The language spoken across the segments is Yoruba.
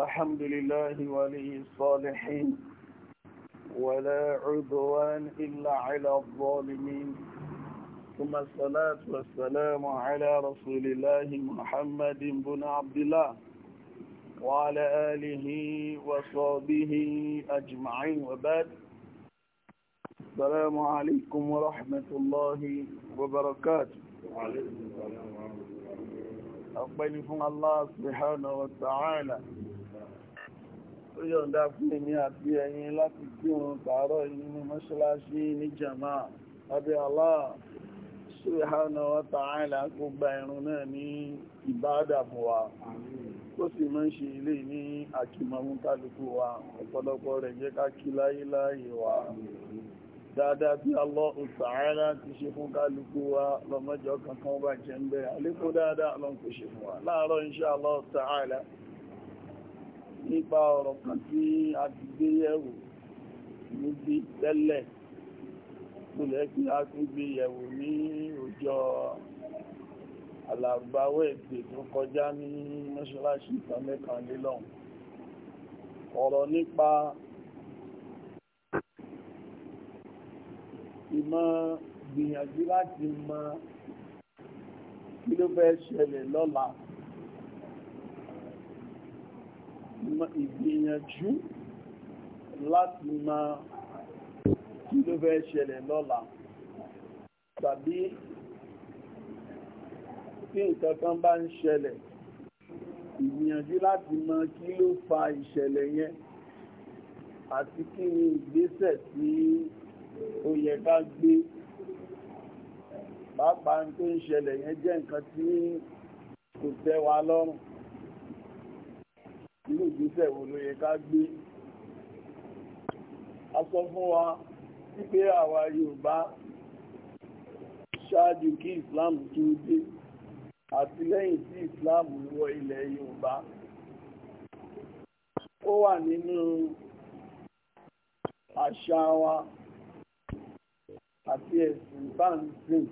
الحمد لله ولي الصالحين ولا عدوان إلا على الظالمين ثم الصلاة والسلام على رسول الله محمد بن عبد الله وعلى آله وصحبه أجمعين وبعد السلام عليكم ورحمة الله وبركاته وعليكم السلام ورحمة الله أقبل الله سبحانه وتعالى ó yọ̀ǹda fún èmi àti ẹ̀yin láti kí òun tààrọ̀ yìí ní ní jama abẹ́ Allah irun náà ní ìbáàdà fún sì máa ṣe ilé ní àkìmọ̀mú kálukú wa ọ̀pọ̀lọpọ̀ rẹ̀ jẹ́ ká láyé láyé wa dáadáa ti wa lọ́mọjọ́ nípa ọ̀rọ̀ kan tí a ti gbé yẹ̀wò níbi tẹ́lẹ̀ ìpínlẹ̀ tí a tún gbé yẹ̀wò ní ọjọ́ alàgbáwẹ̀ èdè tó kọjá ní mọ́ṣáláṣí ìtànlẹ́kànlélọ́hùn ọ̀rọ̀ nípa ìmọ̀ gbìyànjú láti mọ kí ló fẹ́ ṣẹlẹ̀ lọ́la ìgbìyànjú láti ma kí ló fẹ́ ṣẹlẹ̀ lọ́la tàbí tí nǹkan kan bá ń ṣẹlẹ̀ ìgbìyànjú láti mọ kí ló fa ìṣẹ̀lẹ̀ yẹn àti kí ni ìgbésẹ̀ tí ó yẹ ká gbé pàápàá tó ń ṣẹlẹ̀ yẹn jẹ́ nǹkan tí kò tẹ́ wa lọ́rùn irú ìgbésẹ̀ wo ló yẹ ká gbé a sọ fún wa wípé àwa Yorùbá ṣáájú kí Islam tó dé àti lẹ́yìn tí Islam wọ ilẹ̀ Yorùbá ó wà nínú àṣà wa àti ẹ̀sìn bá ń sìn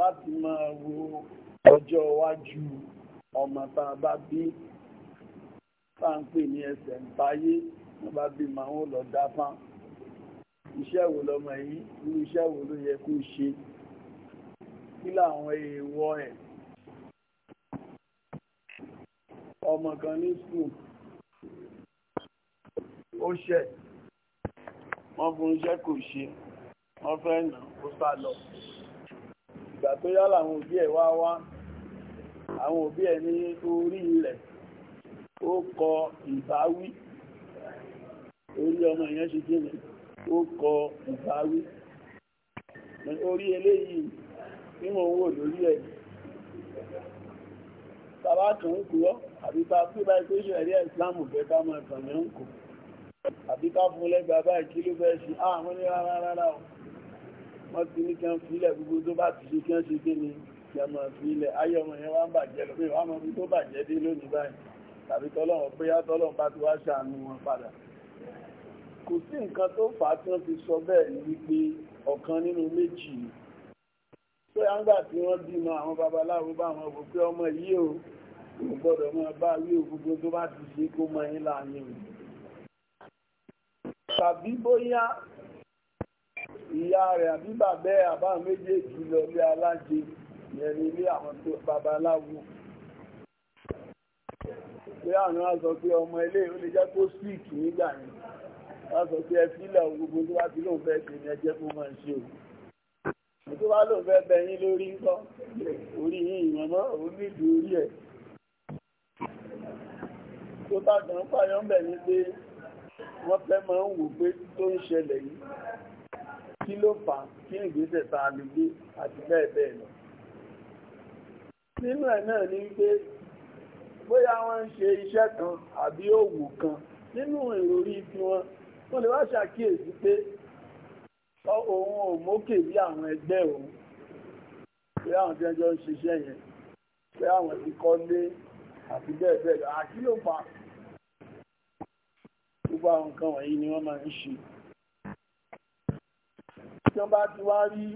láti máa wo ọjọ́ iwájú ọmọ tá a bá bí táǹpì ní ẹsẹ̀ ń báyé wọ́n bá bí ma wọ́n lọ dá fán iṣẹ́ wo lọmọ èyí irú iṣẹ́ wo ló yẹ kó ṣe kí làwọn èèwọ̀ ẹ̀ ọmọ kan ní skul ó ṣẹ̀ wọ́n fún iṣẹ́ kò ṣe wọ́n fẹ́ nà ó sá lọ ìgbà tó yá làwọn òbí ẹ̀ wá wá àwọn òbí ẹ̀ ní orí ilẹ̀ ó kọ ìbáwí orí ọmọ ìyẹn ṣe jẹ́rẹ̀ ó kọ ìbáwí orí eléyìí tí mo ń wò lórí ẹ̀ bàbá kan ń kúrọ́ àbí bá pé bá pé ṣẹ̀rí ìsìláàmù fẹ́ ká máa tàn ní ǹkù àbí ká fún lẹ́gbẹ̀ bàbá ìkí ló fẹ́ ṣe àwọn ah, ní rárá rárá o wọ́n ti ní kan fílẹ̀ gbogbo tó bá ti ṣe kí wọ́n ṣe kí ni kí wọ́n máa fílẹ̀ ayé ọmọ yẹn wá ń bàjẹ́ lọ́pẹ́ wọ́n máa fi tó bàjẹ́ dé lónìí báyìí tàbí tọ́lọ́run bóyá tọ́lọ́run bá ti wá ṣàánú wọn padà kò sí nǹkan tó fà á tí wọ́n fi sọ bẹ́ẹ̀ ni wípé ọ̀kan nínú méjì ni pé àǹgbà tí wọ́n bímọ àwọn babaláwo bá wọn wò pé ọmọ yìí o kò gbọ́dọ̀ máa bá wí o gbogbo tó bá ti ṣe kó mọ yín láàyè o tàbí bóyá ìyá rẹ̀ àbí bàbá ẹ̀ àbá méjèèjì lọ ilé alájẹ ìyẹn ní ilé àwọn babaláwo pé àwọn á sọ pé ọmọ ilé ó lè jẹ́ kó sick nígbà yẹn wọ́n sọ pé ẹ fílẹ̀ gbogbo tó bá ti lóun fẹ́ ṣe ni ẹ jẹ́ kó máa ṣe o tó bá lóun fẹ́ bẹ yín lórí ńkọ́ orí yín ìyẹn mọ́ òun nídìí orí ẹ̀ tó bá kàn pààyàn bẹ̀ ni pé wọ́n fẹ́ máa ń wò pé tó ń ṣẹlẹ̀ yìí kí ló fà á kí ìgbésẹ̀ tá lè gbé àti bẹ́ẹ̀ bẹ́ẹ̀ lọ nínú ẹ̀ náà ni wípé bóyá wọ́n ń ṣe iṣẹ́ kan àbí òwò kan nínú ìròrí tí wọ́n wọ́n lè wá ṣàkíyèsí pé òun ò mókè bí àwọn ẹgbẹ́ òun pé àwọn tí wọ́n jọ ń ṣiṣẹ́ yẹn pé àwọn ti kọ́ lé àti bẹ́ẹ̀ bẹ́ẹ̀ lọ àti ló pa gbogbo àwọn nǹkan wọ̀nyí ni wọ́n máa ń ṣe tí wọ́n bá ti wá rí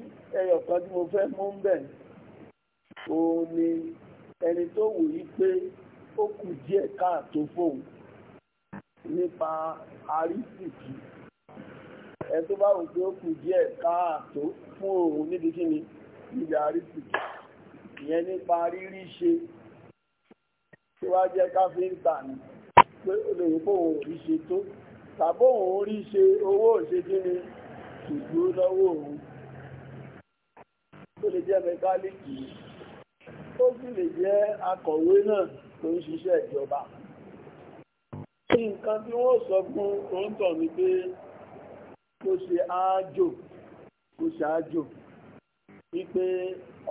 ẹyọ kan tí mo fẹ́ mú ń bẹ̀ òun ni ẹni tó wòye pé ó kù díẹ̀ káàtó fóun nípa àrísìkì ẹ tó bá wù pé ó kù díẹ̀ káàtó fún òun níbi kí ni níbi àrísìkì ìyẹn nípa rírí ṣe tí wá jẹ́ káfíńtà ni pé ó lè rí pé òun ò rí ṣe tó tàbí òun rí ṣe owó òṣè kí ni ṣùgbọ́n lọ́wọ́ òun ó lè jẹ́ mẹkáníìkì ó sì lè jẹ́ akọ̀wé náà. tó ń ṣiṣẹ́ ìjọba nǹkan tí wọ́n sọ fún oúntọ̀ ni pé kó ṣe áájò kó ṣe áájò wípé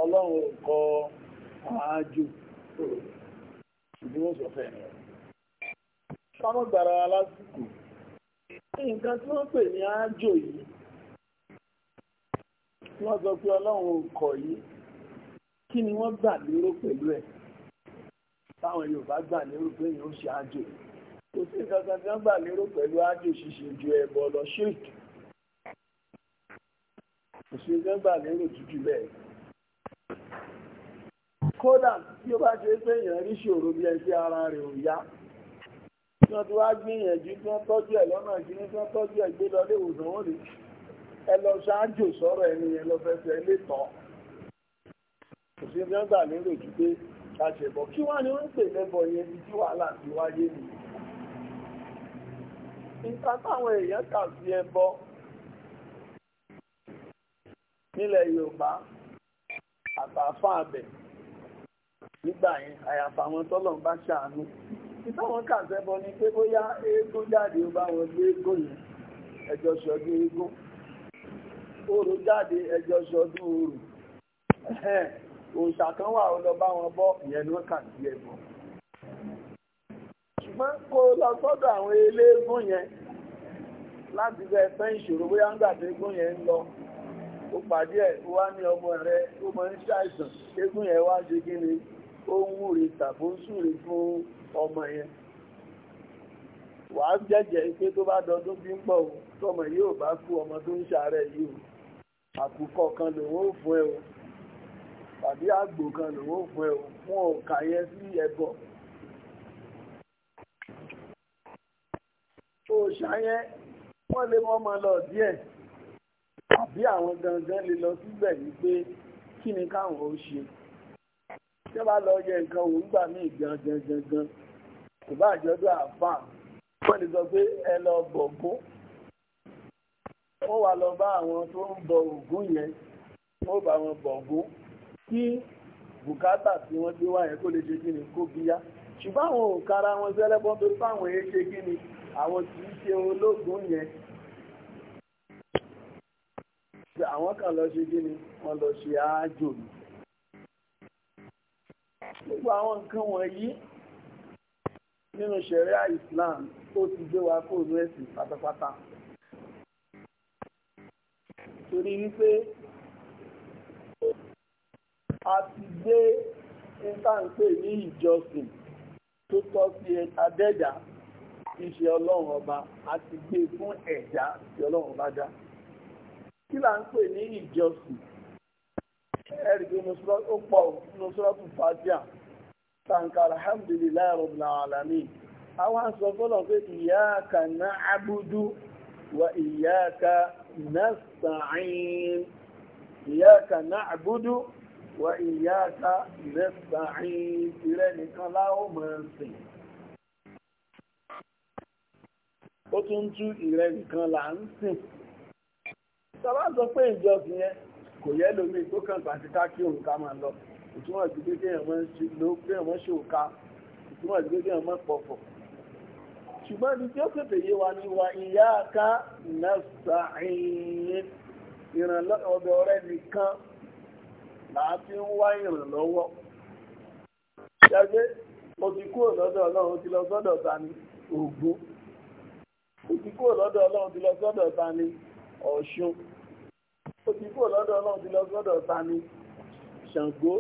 ọlọ́run kọ áájò ìdí wọ́n sọ fẹ́ fáwọn gbàrà lásìkò nǹkan tí wọ́n pè ní áájò yìí wọ́n sọ pé ọlọ́run kọ yìí kí ni wọ́n gbà lérò pẹ̀lú ẹ̀ táwọn Yorùbá gbà lérò pé èèyàn ń ṣe àjò kò sí nǹkan kan tí wọ́n gbà lérò pẹ̀lú àjò ṣíṣe ju ẹbọ lọ ṣèkì kò sí nǹkan gbà lérò jújù bẹ́ẹ̀ kódà tí ó bá ṣe pé èèyàn rí ṣòro bí ẹsẹ ara rẹ̀ ò yá tí wọ́n ti wá gbìyànjú tí wọ́n tọ́jú ẹ̀ lọ́nà ìṣiní tí wọ́n tọ́jú ẹ̀ gbé lọ lé ìwòsàn wọn rèé ẹ lọ ṣáájò sọ̀rọ̀ ẹni yẹn lọ fẹsẹ̀ lè tọ́ kò sí nǹkan gbà lérò jù káṣẹ̀bọ̀ kí wá ní ó ń pè lẹ́bọ̀ yẹn bí tí wàhálà ti wáyé nì nǹkan táwọn èèyàn kà sí ẹbọ nílẹ̀ Yorùbá àtàfà abẹ nígbà yẹn àyàfà àwọn tọ́lọ̀ ń bá ṣàánú ìtàwọn kà sẹ́bọ ni pé bóyá eégún jáde ó bá wọn gbé eégún yẹn ẹjọ́ ṣọdún eégún orò jáde ẹjọ́ ṣọdún orò òṣà kan wà ó lọ bá wọn bọ́ ìyẹn ni wọ́n kà sí ṣùgbọ́n kó lọ sọ́dọ̀ àwọn eléégún yẹn láti fẹ́ fẹ́ ìṣòro bóyá ń gbàdé eégún lọ ó pàdé ẹ̀ ó wá ní ọmọ rẹ̀ ó mọ ṣàìsàn yẹn wá ṣe kí ni ó ń wúre ń súre fún ọmọ yẹn wàá jẹ́jẹ́ pé tó bá dọdún bí ń tọmọ yìí bá kú ọmọ ṣàárẹ̀ yìí o kan lòun fún ẹ o tàbí àgbò kan lòwó fún ẹ̀ fún ọ̀kà yẹn sí ẹ̀bọ. òòṣà yẹn wọ́n lé wọ́n mọ lọ díẹ̀ tàbí àwọn gangan lè lọ síbẹ̀ ní pé kí ni káwọn ó ṣe tí wọ́n bá lọ yẹ nǹkan òun gbà mí gangan gangan kò bá àjọdún àfáà wọ́n lè sọ pé ẹ lọ bọ̀gún wọ́n wà lọ bá àwọn tó ń bọ Ògún yẹn wọ́n bá wọn bọ̀gún kí bùkátà tí wọ́n gbé wáyé kó lè ṣe kí ni kó bíyá ṣùgbọ́n àwọn òǹkara wọn sẹ́lẹ́bọ́n tó fáwọn èé ṣe kí ni àwọn kì í ṣe ológun yẹn àwọn kan lọ ṣe kí ni wọ́n lọ ṣe ààjò ni gbogbo àwọn nǹkan wọ̀nyí nínú ṣẹ̀ríà Islam ó ti gbé wa kó ní ẹ̀sìn pátápátá torí wípé a ti ìtànpé ní ìjọsìn tó tọ́ sí adẹ́dà ìṣe ọlọ́run ọba a ti gbé e fún ẹ̀dá tí ọlọ́run ọba dá kí là ń pè ní ìjọsìn ẹ̀rí ó pọ̀ nusrọ́tù fatia alhamdulilayi àwọn pé na wà ìyáàká ìrẹ́sàárín ìrẹ́ nìkan láwọ́ mọ̀ sìn ó tún tú ìrẹ́ nìkan là ń sìn sábà sọ pé ìjọsìn yẹn kò yẹ lómi tó kàn pàtí ká kí òun ká máa lọ ìtumọ̀ sí pé kéèyàn mọ́ ṣòka ìtumọ̀ sí pé kéèyàn mọ́ pọ̀pọ̀ ṣùgbọ́n ibi tí ó pèpè yé wa ni wa ìyáàká nẹ́sàárín ìrànlọ́ ọ̀dọ̀ rẹ nìkan làá ń wá ìrànlọ́wọ́ ṣẹ́gbẹ́ mo ti kúrò lọ́dọ̀ ọlọ́run ti lọ sọ́dọ̀ ta ni Ògún ó ti kúrò lọ́dọ̀ ọlọ́run ti lọ sọ́dọ̀ ta ni Ọ̀ṣun ó ti kúrò lọ́dọ̀ ọlọ́run ti lọ sọ́dọ̀ ta ni Ṣàngó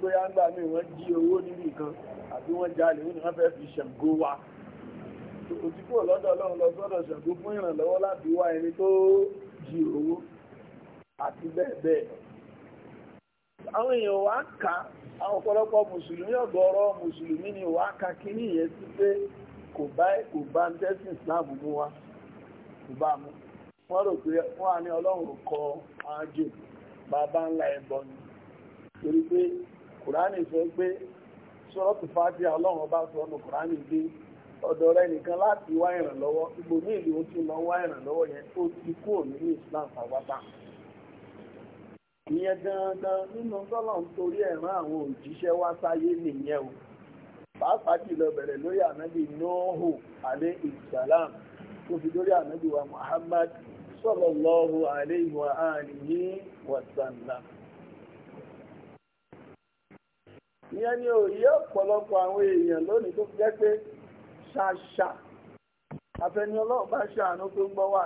bóyá ń gbà mí wọ́n jí owó níbì kan àbí wọ́n jalè ó ní wọ́n fẹ́ fi Ṣàngó wa ó ti kúrò lọ́dọ̀ ọlọ́run lọ sọ́dọ̀ Ṣàngó fún ìrànlọ́wọ́ láti wá ẹni tó jí owó àti bẹ́ẹ̀ bẹ́ẹ̀ lọ. àwọn èèyàn wá ká ọ̀pọ̀lọpọ̀ mùsùlùmí ọ̀rọ̀ mùsùlùmí ni wá ká kí ní ìyẹn sí pé kò bá kò bá ń tẹ́sìn islam mú wa kò bá mú wọ́n rò pé wọ́n á ní ọlọ́run kọ bàbá ńlá ẹ̀bọ ni torí pé kùránì sọ pé sọ́ọ̀tù ọlọ́run bá sọ ọ́nù kùránì dé ọ̀dọ̀ láti wá islam ìyẹn gangan nínú tọ́lọ̀ torí àwọn òjíṣẹ́ wá sáyé nìyẹn o pàápàá jùlọ bẹ̀rẹ̀ lórí ànábì nóòhù alẹ́ ìsàlám tó fi lórí ànábì wa Muhammad sallallahu alaihi wa alihi ni òye ọ̀pọ̀lọpọ̀ àwọn èèyàn lónìí tó jẹ́ pé ṣàṣà ṣàánú tó ń gbọ́ wá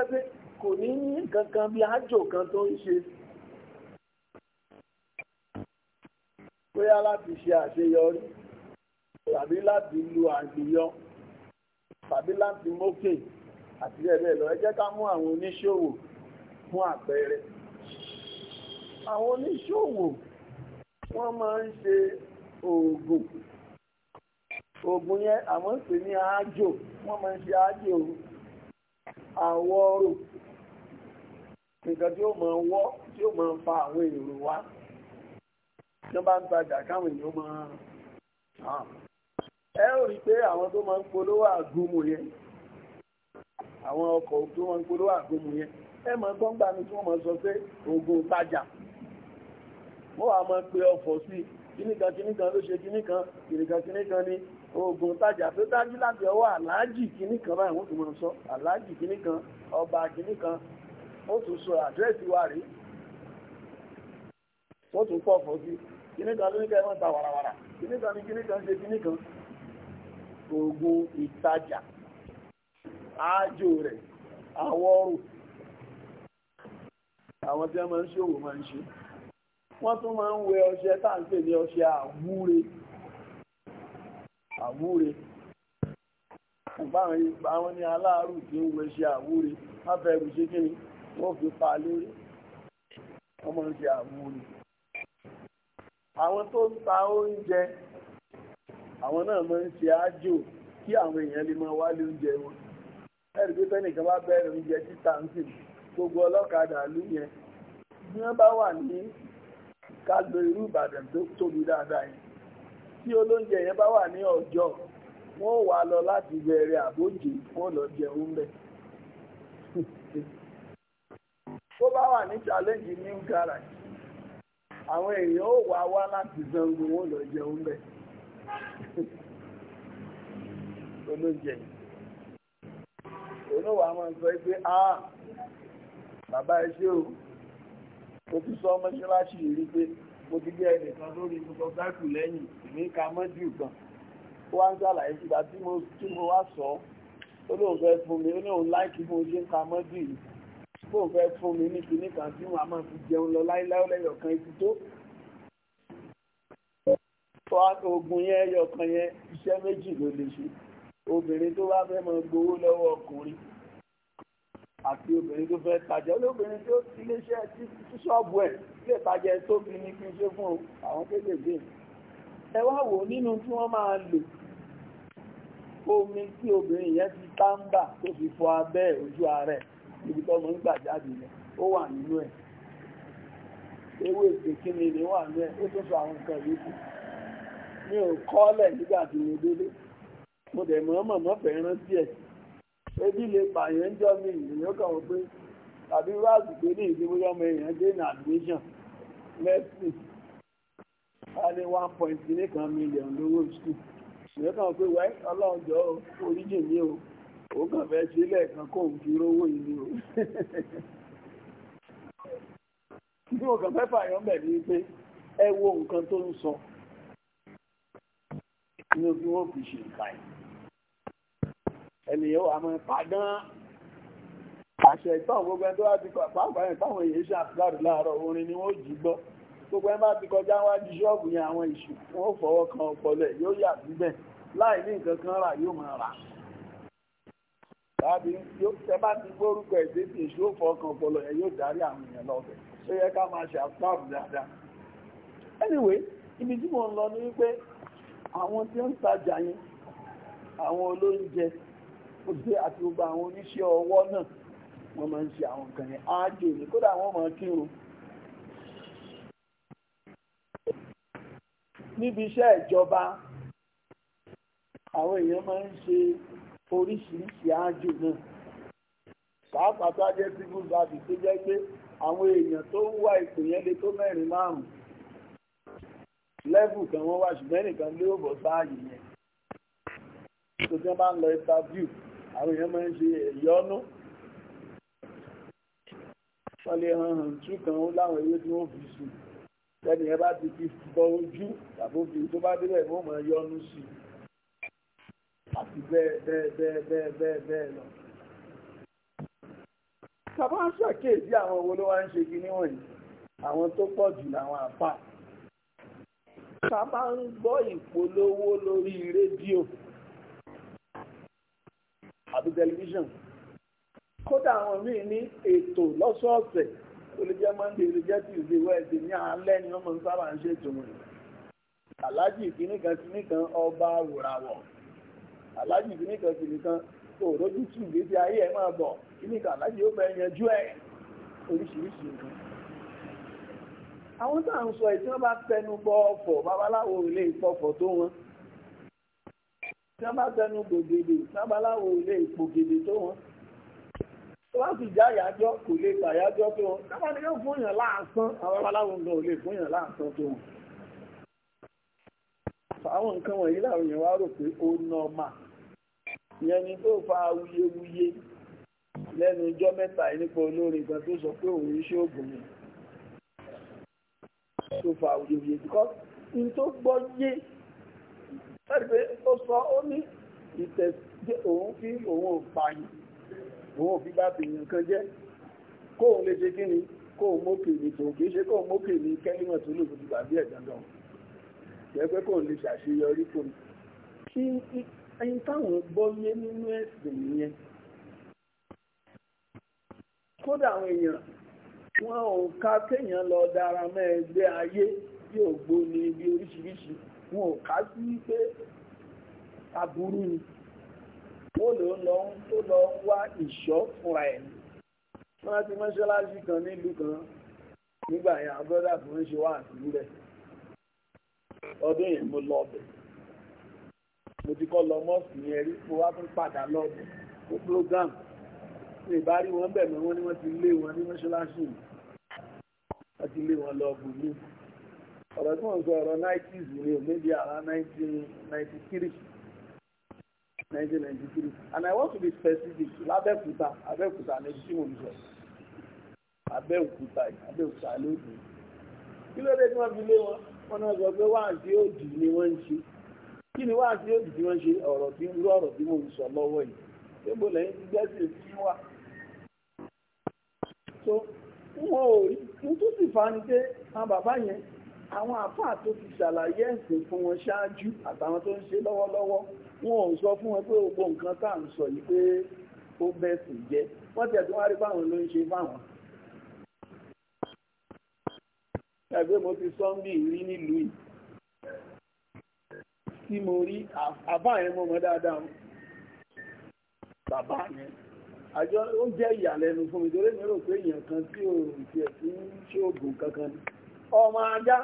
àti kò ní ní kankan bí ájò kan tó ń ṣe bóyá láti ṣe àṣeyọrí tàbí láti lu àgbèyọ tàbí láti mókè àti ẹ̀rẹ́ lọ ẹ jẹ́ ká mú àwọn oníṣòwò fún àpẹẹrẹ àwọn oníṣòwò wọ́n máa ń ṣe oògùn oògùn yẹn àwọn ń pè ní àájò wọ́n máa ń ṣe àájò àwọ̀ ọrùn nǹkan tí ó máa wọ́ tí ó máa fa àwọn èrò wá tí wọ́n bá ń tajà káwọn èèyàn máa ẹ ó rí i pé àwọn tó máa ń polówó àgúnmu yẹn àwọn ọkọ̀ tó máa ń polówó àgúnmu yẹn ẹ máa gbọ́n gbà mí tí wọ́n máa sọ pé oògùn tajà wọ́n wàá máa pe ọ̀fọ̀ sí i kíníkan kíníkan ló ṣe kíníkan kíníkan kíníkan ni oògùn tajà tó dájú láti ọwọ́ aláàjì kìíní báyìí wọ́n tún máa sọ aláàjì kìíní ọba kìíní ó tún sọ àdírẹ́sì wa rí ó tún pọ̀ fún sí kíní kan lóníkà ẹ̀wọ̀n ta wàràwàrà kíní kan ní kíní kan ṣe kíní kan oògùn ìtajà ájò rẹ̀ àwọ̀rù àwọn tí wọ́n máa ń ṣòwò máa ń ṣe wọ́n tún máa ń wẹ ọṣẹ tá à ń pè ní ọṣẹ àwúre àwúre báwọn ni aláàrù tí ó wẹṣẹ àwúre wọ́n fẹ́ ẹrù ṣe kíni wọ́n fi pa lórí wọ́n máa ń ṣe àmúlò. àwọn tó ń ta oúnjẹ àwọn náà máa ń ṣe ájò kí àwọn èèyàn lè máa wálé oúnjẹ wọn. ẹ̀rí pé tẹ́nìkan bá bẹ̀rẹ̀ oúnjẹ títà ń sìn gbogbo ọlọ́kadà lú yẹn bí wọ́n bá wà ní ká lo irú Ìbàdàn tó tóbi dáadáa yẹn tí olóúnjẹ yẹn bá wà ní ọjọ́ wọ́n wà lọ láti bẹ̀rẹ̀ àbójì wọ́n lọ jẹun bẹ́ẹ̀. tó bá wà ní challenge new garage àwọn èèyàn ó wà wá láti Ṣàngó wọn lọ jẹun bẹ olóúnjẹ olówó àwọn sọ pé a bàbá ẹ ṣé o mo ti sọ mọ́ṣáláṣí yìí rí pé mo ti gbé ẹnìkan lórí tuntun sáàkù lẹ́yìn ìmí ka mọ́jú kan ó wá ń ṣàlàyé síta tí mo wá sọ ó lóun fẹ́ fún mi ó lóun láìkí mo ṣe ń ka mọ́jú yìí fóun fẹ́ fún mi ní kinní kan tí wọ́n á máa fi jẹun lọ láíláí lẹ́yọ̀ kan ibi tó. oògùn yẹn ẹyọ kan yẹn iṣẹ́ méjì ló lè ṣe obìnrin tó bá fẹ́ máa gbowó lọ́wọ́ ọkùnrin àti obìnrin tó fẹ́ tajà olóbìnrin tó iléeṣẹ́ tí ṣọ́ọ̀bù ẹ̀ lè tajà tóbi ní kí n ṣe fún àwọn kéékèèké ẹ wá wò nínú tí wọ́n máa lò omi tí obìnrin yẹn ti táǹbà tó fi fọ abẹ́ ojú ààrẹ ibi tọ́mọ ń gbà jáde yẹn ó wà nínú ẹ̀ ewé ìpèkínni ni wà nínú ẹ̀ ó tún sọ àwọn nǹkan yìí kù mi ò kọ́lẹ̀ nígbà tí mo délé mo ebi lè pààyàn ń mi èèyàn kàn wọ́n pé tàbí ráàzù pé ní ìdí ọmọ èèyàn dé ní a ní one point mílíọ̀nù lówó wọ́n pé wẹ́ ọlọ́run jọ oríjì mi o. ó kàn fẹ́ ṣe lẹ́ẹ̀kan kó ń fi rówó ìlú o bí mo kàn fẹ́ fààyàn bẹ̀ ni pé ẹ wo nǹkan tó ń sọ ní o bí wọ́n fi ṣe ìka ẹ̀ ènìyàn wà máa padán àṣẹ ìtàn gbogbo ẹni tó bá ti kọ pàápàá yẹn táwọn èèyàn ṣe àfúlàdì láàárọ̀ orin ni wọ́n jí gbọ́ gbogbo ẹni bá ti kọjá wájú ṣọ́ọ̀bù yẹn àwọn ìṣù wọn fọwọ́ kan ọpọlọ yóò yà síbẹ̀ láì ní nǹkan kan rà yóò máa rà tàbí tẹ bá ti gbórúkọ èdè tí èṣù fọkàn ọpọlọ yẹn yóò darí àwọn èèyàn lọ́bẹ̀ tó yẹ ká máa ṣe àpáàbù dáadáa anyway ibi tí mo ń lọ ní wípé àwọn tí ó ń tajà yẹn àwọn olóúnjẹ òṣèré àti gbogbo àwọn oníṣẹ́ ọwọ́ náà wọ́n máa ń ṣe àwọn nǹkan yẹn ájò ní kódà wọ́n máa kírun níbi iṣẹ́ ìjọba àwọn èèyàn máa ń ṣe oríṣiríṣi ájò náà pàápàá tó jẹ́ civil service tó jẹ́ pé àwọn èèyàn tó ń wá ipò yẹn lè tó mẹ́rin márùn-ún lẹ́bù kan wọ́n wá ṣùgbọ́n nìkan lé òbọ̀ sáàyè yẹn tó tí wọ́n bá ń lọ interview àwọn èèyàn máa ń ṣe ẹ̀yọ́nú wọ́n lè hàn hàn tú kan ó láwọn ewé tí wọ́n fi sùn tẹ́nìyàn bá ti fi bọ ojú tàbí obìnrin tó bá débẹ̀ wọ́n máa yọ́nú sí i. àti bẹ́ẹ̀ bẹ́ẹ̀ bẹ́ẹ̀ bẹ́ẹ̀ bẹ́ẹ̀ bẹ́ẹ̀ lọ. Bàbá ń ṣàkíyèsí àwọn owó ló wá ń ṣe kíní wọ̀nyí, àwọn tó pọ̀ jù làwọn àpá. Bàbá ń gbọ́ ìpolówó lórí rédíò àti tẹlifíṣàn. Kódà àwọn míì ní ètò lọ́sọ̀ọ̀sẹ̀ Monday, Tuesday, Wednesday ní alẹ́ ni wọ́n kan kan ọba aláàjì kìíní kan kìíní kan tó rojú tù gbèsè ayé ẹ máa bọ̀ kìíní kan aláàjì ó fẹ́ yanjú ẹ oríṣiríṣi nǹkan. àwọn tá à ń sọ ìtí wọ́n bá tẹnu bọ ọ̀fọ̀ babaláwo ilé ìpọ̀fọ̀ tó wọn tí wọ́n bá tẹnu gbògede babaláwo ilé ìpògede tó wọn tó bá sì já àyájọ́ kò lè gbàyájọ́ tó wọn táwọn ni yóò fún yàn láàásán àwọn babaláwo gan ò lè fún yàn láàásán tó wọn àwọn nǹkan wọ̀nyí láwọn èèyàn wá rò pé ó nọ́ọ̀mà ìyẹn ni tó fa awuyewuye lẹ́nu ọjọ́ mẹ́ta nípa olórin kan tó sọ pé òun iṣẹ́ ògùn mi tó fa awuyewuye because n tó gbọ́ yé láti pé ó sọ ó ní ìtẹ̀síjẹ́ òun fi òun ò pààyàn òun ò fi bá bèèyàn kan jẹ́ kóun lè ṣe kí ni kóun mókè ní tòun kì í ṣe kóun mókè ní kẹ́límọ̀ tó lòdì gbàgbé ẹ̀ dandan jẹ́pẹ́ kò lè ṣàṣeyọrí kò ní. kí ẹyin táwọn gbọ́yé nínú ẹ̀sìn yẹn kódà àwọn èèyàn wọn ò ká kéèyàn lọ dára mọ́ ẹgbẹ́ ayé bí ògbó ni ibi oríṣiríṣi wọn ò ká sí pé aburú ni ó lò ó lọ tó lọ wá ìṣọ́ fúnra ẹ̀ wọ́n ti mọ́ṣáláṣí kan nílùú kan nígbà yẹn àbúrọ́dà kan ń ṣe wá àtúrú ọdún yìí mo lọ ọbẹ̀ mo ti kọ́ lọ mọ́ọ̀sì yẹn rí mo wá tún padà lọ́ọ̀bẹ̀ fún program ṣe ìbárí wọn bẹ̀ mọ́ wọn ni wọ́n ti lé wọn ní mọ́ṣáláṣí wọ́n ti lé wọn lọ bùnú ọ̀rọ̀ tí wọ́n sọ ọ̀rọ̀ 90s ni o maybe around 1993 1993 and I want to be specific lábẹ́òkúta abẹ́òkúta ní tí mo ń sọ abẹ́òkúta abẹ́òkúta lóògùn kí ló dé tí wọ́n fi lé wọn wọ́n náà sọ pé wáàsí òdì ni wọ́n ń ṣe kí ni wáàsí òdì tí wọ́n ṣe ọ̀rọ̀ tí ń rú ọ̀rọ̀ tí mò ń sọ lọ́wọ́ yìí pé mo lẹ́yìn ti gbẹ́sẹ̀ sí wa. so wọn ò rí n tó sì fa ni pé àwọn bàbá yẹn àwọn àfáà tó ti ṣàlàyé ẹ̀sìn fún wọn ṣáájú àtàwọn tó ń ṣe lọ́wọ́lọ́wọ́ wọn ò sọ fún wọn pé gbogbo nǹkan tá à ń sọ yìí pé ó bẹ̀sìn jẹ́ wọ́n ti ẹ̀ tó wá rí báwọn ló ń ṣe báwọn ẹgbẹ́ mo ti sọ́ńbì rí nílùú yìí tí mo rí àbá yẹn mo mọ̀ dáadáa bàbá yẹn àjọ ó jẹ́ ìyàlẹ́nu fún mi torí mi rò pé èèyàn kan tí ò ti ẹ̀ tí ń ṣoògùn kankan ni ọmọ ajá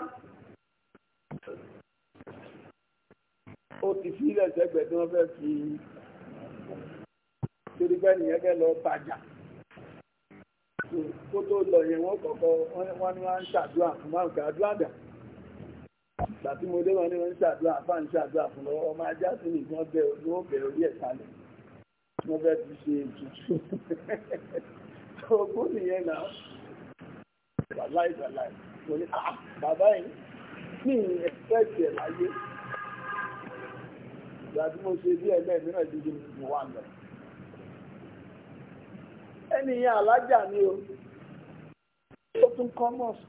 ó ti fi ilẹ̀ sẹ́gbẹ̀ẹ́ tí wọ́n fẹ́ fi torí bẹ́ẹ̀ nìyẹn fẹ́ lọ bàjá. kó tó lọ yẹn wọ́n kọ̀ọ̀kọ́ wọ́n ní wọ́n ń ṣàdúrà fún máa ń kà àdúrà dà ìgbà mo dé wọn ní wọ́n ń ṣàdúrà fún à ń fún lọ́wọ́ ọmọ ajá sí ni wọ́n bẹ orí ẹ̀ kalẹ̀ wọ́n ti ṣe ogún nìyẹn náà ah, ẹnìyàn alájà ni o ó tún kọ́ mọ́ọ̀sì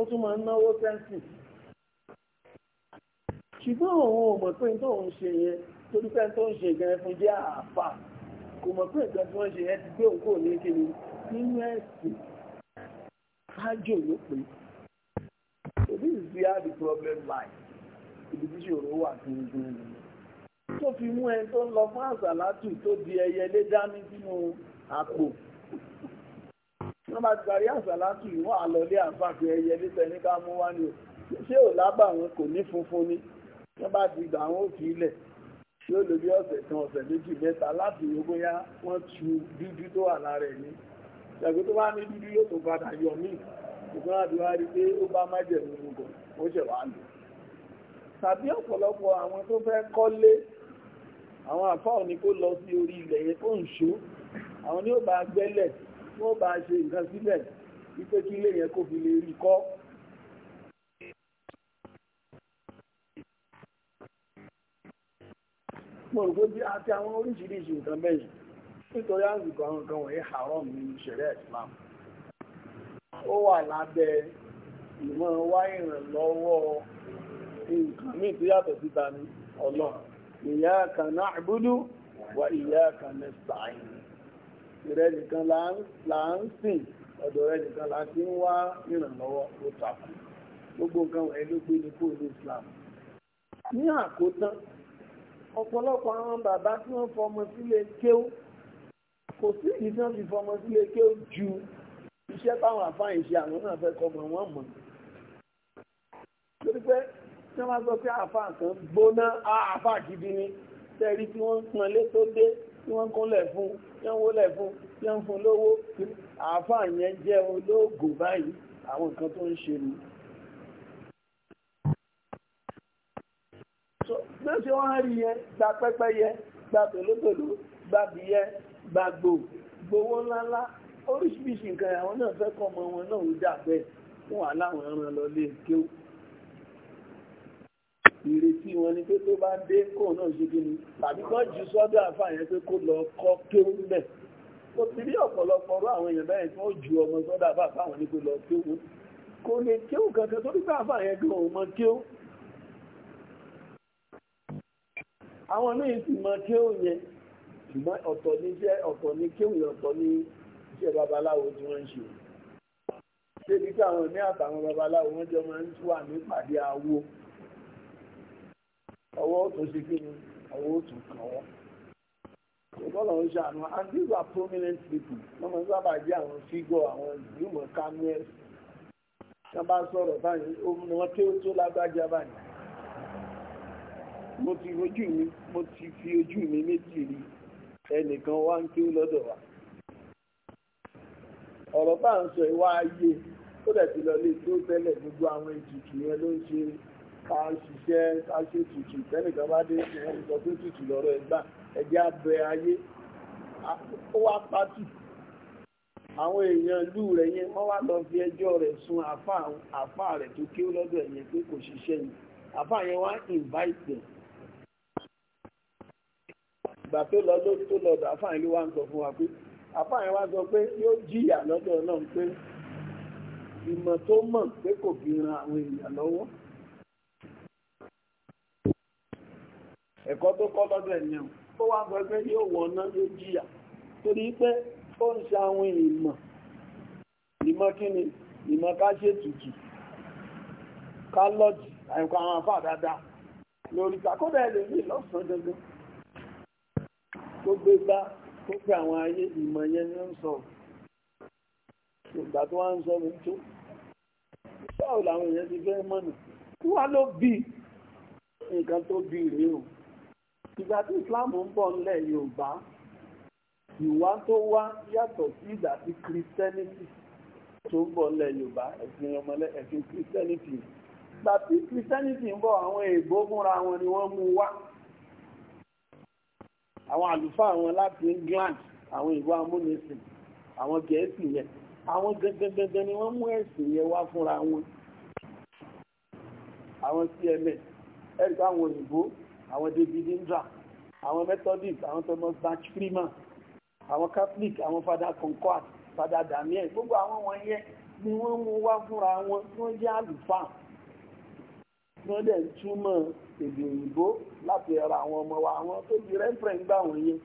ó tún máa ń náwó fẹ́ǹsì ṣùgbọ́n òun ò mọ̀ pé tó ń ṣe yẹn torí pé tó ń ṣe gan fún jẹ́ àáfà kò mọ̀ pé nǹkan tí wọ́n ṣe yẹn ti gbé òun kò ní kíni nínú ẹ̀sìn ájò ló pé so this is where problem lies ibi tí ìṣòro wà tó ń dún nìyẹn tó fi mú ẹni tó lọ fún àsàlátù tó di ẹyẹlé dání sínú àpò wọ́n bá ti parí àsàlátù ìwọ́n àlọ́lé àfàkì ẹyẹlé tẹni ká mú wá o ṣé ò lábà wọn kò ní funfun ni wọ́n bá ti gbà wọn ò fi ilẹ̀ ṣé ó lè bí ọ̀sẹ̀ kan ọ̀sẹ̀ méjì mẹ́ta láti ìyókó yá wọ́n tu dúdú tó wà lára ẹ̀ ní ṣàgbé tó bá ní dúdú yóò tó padà yọ míì ṣùgbọ́n àdúrà rí pé ó bá májẹ̀mú gbọ̀n ó ṣẹ̀ wá lò tàbí ọ̀pọ̀lọpọ̀ àwọn tó fẹ́ kọ́lé àwọn àfáà ní kó lọ sí orí ilẹ̀ yẹn kó ń ṣó àwọn ni ó bá gbẹ́lẹ̀ tó bá ṣe nǹkan sílẹ̀ wípé kí ilé yẹn kó fi lè rí kọ́ mo rò pé bí àti àwọn oríṣiríṣi nǹkan bẹ́yìn nítorí àsìkò àwọn nǹkan wọ̀nyí haram nínú ṣẹ̀rẹ́ Islam ó wà lábẹ́ ìmọ̀ wá ìrànlọ́wọ́ nǹkan mí tó yàtọ̀ síta ní ọlọ́run iyyaka na'budu wa iyyaka nasta'in ìrẹ́ nìkan là ń sìn ọ̀dọ̀ rẹ̀ nìkan là ti ń wá ìrànlọ́wọ́ ó takú gbogbo nǹkan wọ̀nyí ló gbé ní kóòlù Islam ní àkótán ọ̀pọ̀lọpọ̀ àwọn bàbá tí wọ́n fọmọ sílé kéwú kò sí ìdíjọ́ ti fọmọ sílé kí ó iṣẹ́ táwọn àfáàyàn ṣe àwọn náà fẹ́ kọmọ wọn mọ̀ tí wọ́n sọ pé àáfàá kan gbóná àáfàá gidi ni tẹ́rí tí wọ́n ń pọnlé tó dé tí wọ́n ń kúnlẹ̀ fún yẹn wólẹ̀ fún yẹn ń fún lówó àáfàá yẹn jẹ́ olóògò báyìí àwọn nǹkan tó ń ṣe ni. bí ó ṣe wọ́n rí yẹn gba pẹ́pẹ́ yẹ gba tòlótòló gba bìyẹ gba gbò gbowó ńláńlá oríṣiríṣi nǹkan àwọn náà fẹ́ kọ́ ọmọ wọn náà ó dà bẹ́ẹ̀ fún wàhálà àwọn ẹran lọ lé kéwù ìrètí wọn ni pé tó bá dé kò náà ṣe kí ni tàbí kọ́ jù sọ́dọ̀ àfààyàn pé kó lọ kọ́ kéwú bẹ̀ ó ti rí ọ̀pọ̀lọpọ̀ ọ̀rọ̀ àwọn èèyàn bẹ́ẹ̀ tí wọ́n ju ọmọ sọ́dọ̀ àfààyàn ní pé lọ kéwú kò lè kéwú kankan tó nípa àfààyàn gan òun mọ kéwú àwọn míì sì mọ kéwú yẹn ṣùgbọ́n ọ̀tọ̀ ní iṣẹ́ ọ̀tọ̀ ní kéwú yẹn ọ̀tọ̀ ní iṣẹ́ babaláwo tí wọ́n ń ṣe débi tí àwọn ní àtàwọn babaláwo wọ́n jọ máa ń wà nípàdé awo ọwọ́ tó ṣe kí ni ọwọ́ tó kàn wọ́n. ìkọlọ̀ ń ṣàánú and these are prominent people wọ́n máa ń sábà jẹ́ àwọn fígọ̀ àwọn ìgbìmọ̀ kánúẹ́s wọ́n bá sọ̀rọ̀ báyìí ohun ni wọ́n ké tó lágbájá báyìí. mo ti ojú mi mo ti fi ojú mi méjì rí ẹnìkan wá ń ké lọ́dọ̀ wa. ọ̀rọ̀ bá ń sọ ìwà ayé ó dẹ̀ ti lọ lé tó tẹ́lẹ̀ gbogbo àwọn ètùtù yẹn ló ń ṣe é ká ṣiṣẹ́ ká ṣe tutù tẹ́nìkan bá dé ṣe ẹni sọ pé tutù lọ́rọ̀ ẹgbà ẹjẹ́ abẹ ayé ó wá pátì àwọn èèyàn lù rẹ̀ yẹn wọ́n wá lọ fi ẹjọ́ rẹ̀ sun àfà rẹ̀ tó kí ó lọ́dọ̀ ẹ̀yẹn pé kò ṣiṣẹ́ yìí àfà yẹn wá invite them ìgbà tó lọ tó lọ́dọ̀ àfà yẹn ló wá ń sọ fún wa pé àfà yẹn wá sọ pé yóò jìyà lọ́dọ̀ náà pé ìmọ̀ tó mọ̀ pé kò fi ran àwọn èèyàn lọ́wọ́ ẹ̀kọ́ tó kọ́ lọ́dọ̀ ẹ̀yàn ó wá sọ pé yóò wọ̀ná yóò jìyà torí pé ó ń ṣe àwọn ìmọ̀ ìmọ̀ kíni ìmọ̀ ká ṣe tutù ká lọ́jì àìkọ́ àwọn afá dáadáa lórí kàkódà ẹlòmí lọ́sàn-án dandan tó gbé gbá tó pé àwọn ayé ìmọ̀ yẹn ní ń sọ ìgbà tó wá ń sọ mi tó báwo làwọn èèyàn ti fẹ́ mọ́nà tí wàá ló bí nǹkan tó bí rí o ìgbà tí ìsìláàmù ń bọ̀ nílẹ̀ yorùbá ìwà tó wá yàtọ̀ sí ìgbà tí kìrìsìtẹ́nìtì tó ń bọ̀ nílẹ̀ yorùbá ẹ̀sìn ọmọlẹ́ ẹ̀sìn kìrìsìtẹ́nìtì ìgbà tí kìrìsìtẹ́nìtì ń bọ̀ àwọn èèbó fúnra wọn ni wọ́n mú wá àwọn àlùfáà wọn láti england àwọn ìwà amúnisìn àwọn gẹ̀ẹ́sì yẹn àwọn gẹ́gẹ́gẹ́gẹ́ ni wọ́n mú ẹ̀sìn yẹn wá fúnra wọn àwọn cms ẹ̀rí káwọn òyìnbó àwọn david indra àwọn methodist àwọn thomas bach freeman àwọn catholic àwọn father concord father daniel gbogbo àwọn wọ̀nyẹn ni wọ́n mú wá fúnra wọn tí wọ́n jẹ́ àlùfáà tí wọ́n dẹ̀ ń èdè òyìnbó láti ẹ̀rọ àwọn ọmọ wa àwọn tó di reference gbà wọ́n yẹn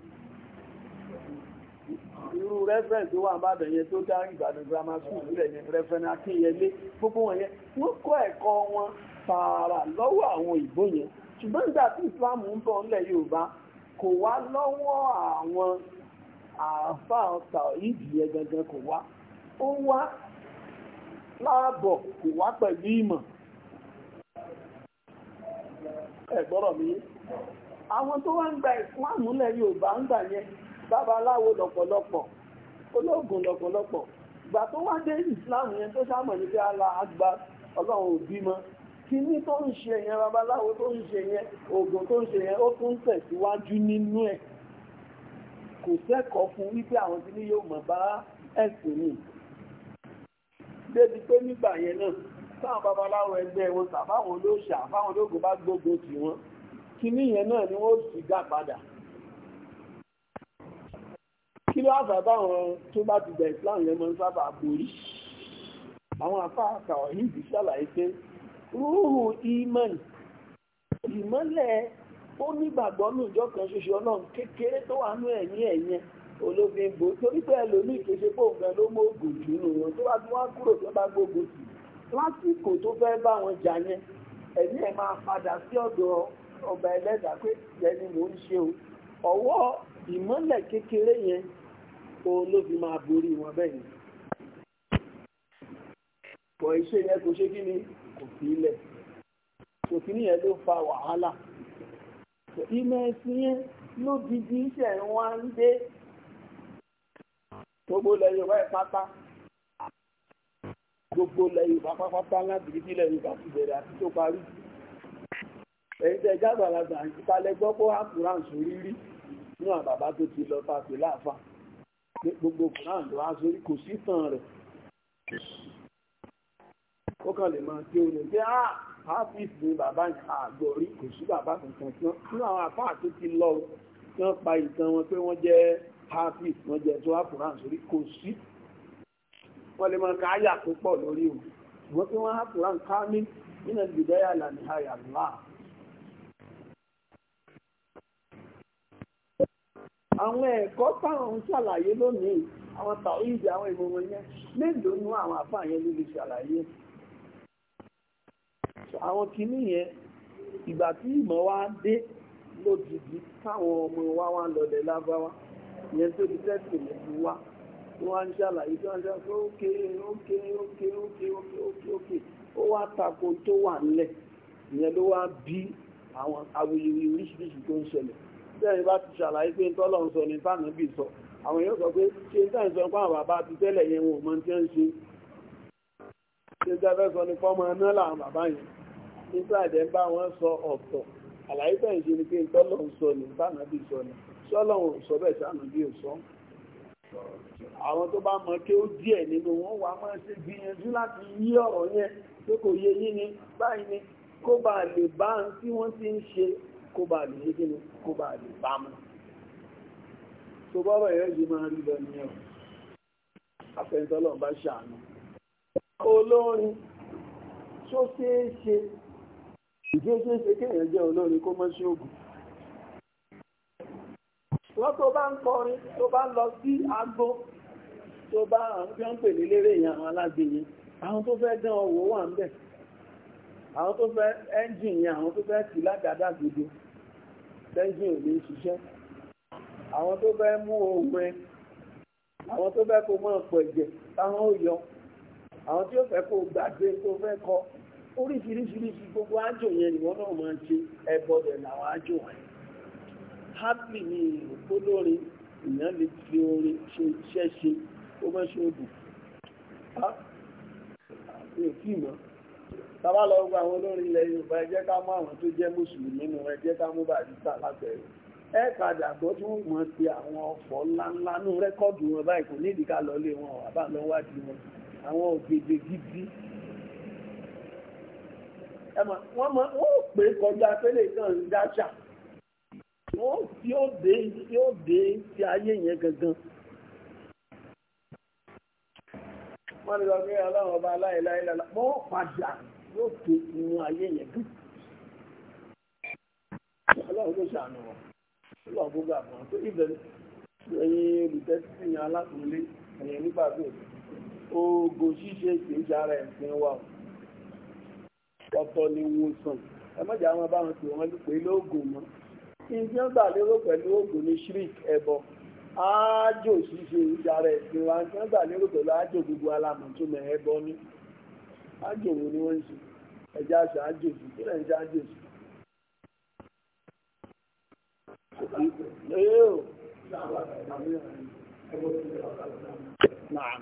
irú reference tó wà ń bàdàn yẹn tó dá ìbàdàn grammar school nílẹ̀ yẹn reference akínyẹlé gbogbo wọn yẹn wọ́n kọ́ ẹ̀kọ́ wọn tààrà lọ́wọ́ àwọn òyìnbó yẹn ṣùgbọ́n nígbà tí islam ń bọ̀ ńlẹ̀ yorùbá kò wá lọ́wọ́ àwọn àáfà ọ̀tà ìdìyẹ gangan kò wá ó wá láàbọ̀ kò wá pẹ̀lú ìmọ̀ ẹ̀gbọ́rọ̀ mi àwọn tó wá ń gba islam ńlẹ̀ yorùbá ń gbà yẹn babaláwo ìgbà tó wá dé yẹn tó kíní tó ń ṣe yẹn babaláwo tó ń ṣe yẹn oògùn tó ń ṣe yẹn ó tún tẹ̀síwájú nínú ẹ̀ kò sẹ́kọ̀ọ́ fún wípé àwọn tí ní yóò mọ̀ bá ẹ̀sìn ni débi pé nígbà yẹn náà táwọn babaláwo ẹgbẹ́ wọn tàbáwọn olóòṣà àbáwọn olóògùn bá gbógun tì wọ́n kíní yẹn náà ni wọ́n sì gà padà kí ló àbá báwọn tó bá ti gbà ìsìláàmù yẹn mọ́ sábà borí àwọn àfáà kàwọ̀ yìí ti ṣàlàyé pé rúhù iman ìmọ́lẹ̀ ó nígbàgbọ́ ní ìjọ kan ṣoṣo ọlọ́run kékeré tó wà nú ẹ̀yìn ẹ̀yẹn olófin bò torí pé ẹlòmíì kì í ṣe fóun gan ló mú ògùn jù nù wọn tó bá ti wá kúrò tó bá gbógun tì lásìkò tó fẹ́ bá wọn jà yẹn ẹ̀mí ẹ̀ máa padà sí ọ̀dọ̀ ọba ẹlẹ́dàá pé ẹni mò ń ṣe o ọwọ́ ìmọ́lẹ̀ kékeré yẹn olófin máa borí wọn bẹ́ẹ̀ ni kò fi lẹ̀ òkè nìyẹn ló fa wàhálà ìmọ̀ ẹ̀sìn yẹn ló di bí iṣẹ́ wa ń dé gbogbo ilẹ̀ Yorùbá ẹ̀ pátá gbogbo ilẹ̀ Yorùbá pátápátá láti ibi ilẹ̀ Yorùbá ti bẹ̀rẹ̀ àti tó parí ẹ̀yin tẹ̀ jágbàlagbà ìtàlẹ̀ gbọ́ pé àkùrán sórí rí nínú àbàbá tó ti lọ ta pè láàfà gbogbo kùrán ló wá kò sí tàn rẹ̀ ó kàn lè máa tí ó lè pé ah hafiz ni bàbá àgbọ̀ ah, rí kò sí bàbá kankan tí wọ́n fún àwọn afá tó ti lọ tí wọ́n pa ìtàn wọn pé wọ́n jẹ́ hafiz wọ́n jẹ́ tó àkùrán sórí kò sí wọ́n lè máa ka àyà tó pọ̀ lórí o ṣùgbọ́n pé wọ́n àkùrán ká ní nínú ìgbìdẹ́yà lànà àyà láà àwọn ẹ̀kọ́ táwọn ń ṣàlàyé lónìí àwọn tàwíìdì àwọn ìmọ̀wọ̀n yẹn mélòó nú àwọn àfáà yẹn ló lè ṣàlàyé àwọn kìíní yẹn ìgbà tí ìmọ̀ wa dé lójijì káwọn ọmọ wa wá lọlẹ̀ lábáwá ìyẹn tó di tẹ́sì lè fi wá wọ́n ń ṣàlàyé tí wọ́n ń ṣàlàyé ókè ókè ókè ókè ókè ókè ókè ó wá tako tó wà nílẹ̀ ìyẹn ló wá bí àwọn awuyewuye oríṣiríṣi tó ń ṣẹlẹ̀ bẹ́ẹ̀ bá ti ṣàlàyé pé tọ́lọ̀ ń sọ ní tánà bí sọ àwọn èèyàn sọ pé ṣe ń tàn sọ pé àwọn bàbá ti tẹ́lẹ̀ yẹn wọn ò mọ tí wọ́n ń ṣe ìjọba sọ ní fọ́mọ náà làwọn bàbá yẹn nígbà dẹ̀ ń bá wọn sọ ọ̀tọ̀ àlàyé bẹ́ẹ̀ ṣe ni pé tọ́lọ̀ ń sọ ní sáànà bí sọ ní sọ́lọ̀ ń sọ bẹ́ẹ̀ sáànà bí ò sọ. àwọn tó bá mọ kí ó díẹ̀ nínú wọn wà máa ṣe gbìyànjú láti yí ọ̀rọ̀ yẹn pé kò yé yín ni báyìí ni kó bá lè bá ń tí wọ́n ti ń ṣe kó bá lè yé kíni kó bá lè bá mu. tó bọ́rọ̀ yẹn yìí máa rí lọ nìyẹn o olórin tó ṣeé ṣe ìdí ó ṣeé ṣe kéèyàn jẹ́ olórin kó mọ́ sí ògùn wọ́n tó bá ń kọrin tó bá lọ sí agbó tó bá àwọn tí wọ́n ń pè ní lérè yẹn àwọn alágbèyẹ àwọn tó fẹ́ dán owó wà ń bẹ̀ àwọn tó fẹ́ ẹ́ńjìn yẹn àwọn tó fẹ́ tì lágàdá gbogbo tẹ́ńjìn ò ní ṣiṣẹ́ àwọn tó fẹ́ mú ohun ẹ àwọn tó fẹ́ kó mọ́ ọ̀pọ̀ ẹ̀jẹ̀ táwọn ó yọ àwọn tí ó fẹ́ kó gbàgbé tó fẹ́ kọ oríṣiríṣiríṣi gbogbo ájò yẹn ni wọ́n náà máa ń ṣe ẹbọdẹ̀ làwọn ájò wọn happy ni òpólórin èèyàn lè fi orin ṣe iṣẹ́ ṣe ó mọ́ ṣe ògùn mi ò tí mọ́ tàbá lọ gba àwọn olórin ilẹ̀ Yorùbá ẹ jẹ́ ká mú àwọn tó jẹ́ mùsùlùmí nù ẹ jẹ́ ká mú bàrísà lábẹ́rẹ́ ẹ padà gbọ́ tí wọ́n mọ̀ sí àwọn ọ̀fọ̀ ńláńlá nú rẹ́kọ́ọ̀dù wọn báyìí kò nídìí ká lọ wọn àbá lọ wádìí àwọn ògèdè gidi wọ́n máa ó pè kọjá pélé kan ń dáṣà wọ́n tí ó dé tí ó dé ti ayé yẹn gangan. wọ́n lè lọ pé ọlọ́run ọba aláìláì lọ́la wọ́n padà yóò tó inú ayé yẹn gan. ọlọ́run ló ṣàánú wọn ọlọ́run gbogbo àbọ̀ tó ibẹ̀ ẹ̀yin olùtẹ́sí ẹ̀yin alákùnrin ẹ̀yin nígbà tó o. oògùn ṣíṣe ìpèjì ara ẹ̀sìn wa ọ̀tọ̀ ni sàn. ẹ má jà wọn bá wọn pè pé lóògùn mọ́ ìdí ọgbà lérò pẹ̀lú oògùn ní shrik ẹ̀bọ ájò ṣíṣe ìjà ara ẹ̀sìn wa ìdí ọgbà lérò pẹ̀lú ájò gbogbo ẹ̀bọ ní ájò wo ni wọ́n ń ṣe ẹ̀já ṣe ájò sí kí lẹ́yìn ájò sí. Naam.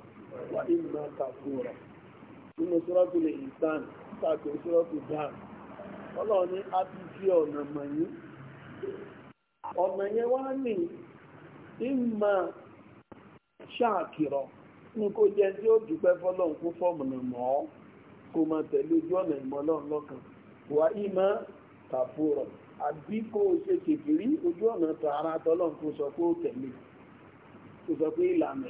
wà ìmọ̀ kàfúrà nínú sọ́rọ́tù lè ìsàn tàbí sọ́rọ́tù dáàmù ọlọ́run ní a ti fi ọ̀nà mọ̀ yín ọ̀nà yẹn wá ní ìmọ̀ ṣáàkìrọ̀ ní jẹ́ tí ó dúpẹ́ fọlọ́run mọ́ ọ́ kó máa tẹ̀lé ojú ọ̀nà ìmọ̀ ọlọ́run lọ́kàn o ṣe kékeré ojú ọ̀nà tààrà tọ́lọ́run kó sọ pé ó tẹ̀lé kó sọ pé ìlànà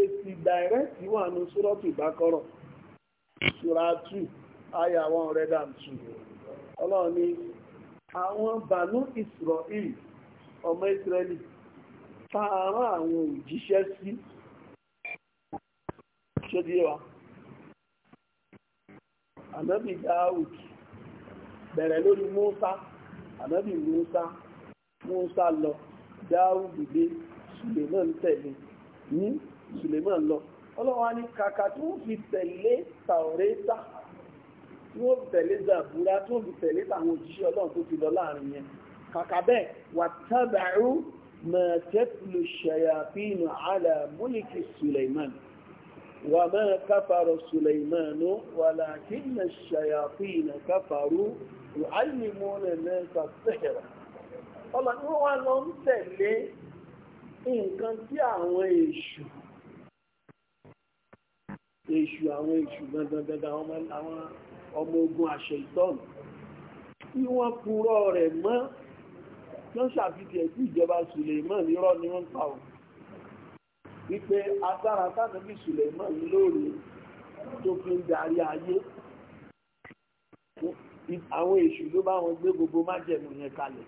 èsì dàírẹ́tì wà ní ṣúrọ́tù ìbákọ́rọ̀ ṣúra 2 àyà 102 ọlọ́run ni àwọn bànú Israel ọmọ Israeli tààrà àwọn òjíṣẹ́ sí ṣédíyẹwà ànábì Dáúd bẹ̀rẹ̀ lórí Mùsá ànábì Mùsá Mùsá lọ Dáúd dé ṣùgbọ́n náà ń tẹ̀lé ní Suleiman lọ ọlọ́wọ́ ni kàkà tí wọ́n fi tẹ̀lé tàórẹ́tà tí wọ́n fi tẹ̀lé zàbúrà tí wọ́n fi tẹ̀lé tàwọn òjíṣẹ́ ọlọ́run tó ti lọ láàrin yẹn kàkà bẹ́ẹ̀ wà tábàárù mẹ́tẹ́tìlù ṣẹ̀yàfínù àlà múlìkì Suleiman wà mẹ́ tí àwọn èṣù èṣù àwọn èṣù gangan àwọn ọmọ ogun àṣẹ ìtọ́nù tí wọ́n purọ́ rẹ̀ mọ́ wọ́n ṣàfihàn ẹ̀kú ìjọba Suleiman nírọ́ ni wọ́n pa ọ́ wípé agbára tánàbí Suleiman lóòrè tó fi ń darí ayé àwọn èṣù ló bá wọn gbé gbogbo májẹ̀mú yẹn kalẹ̀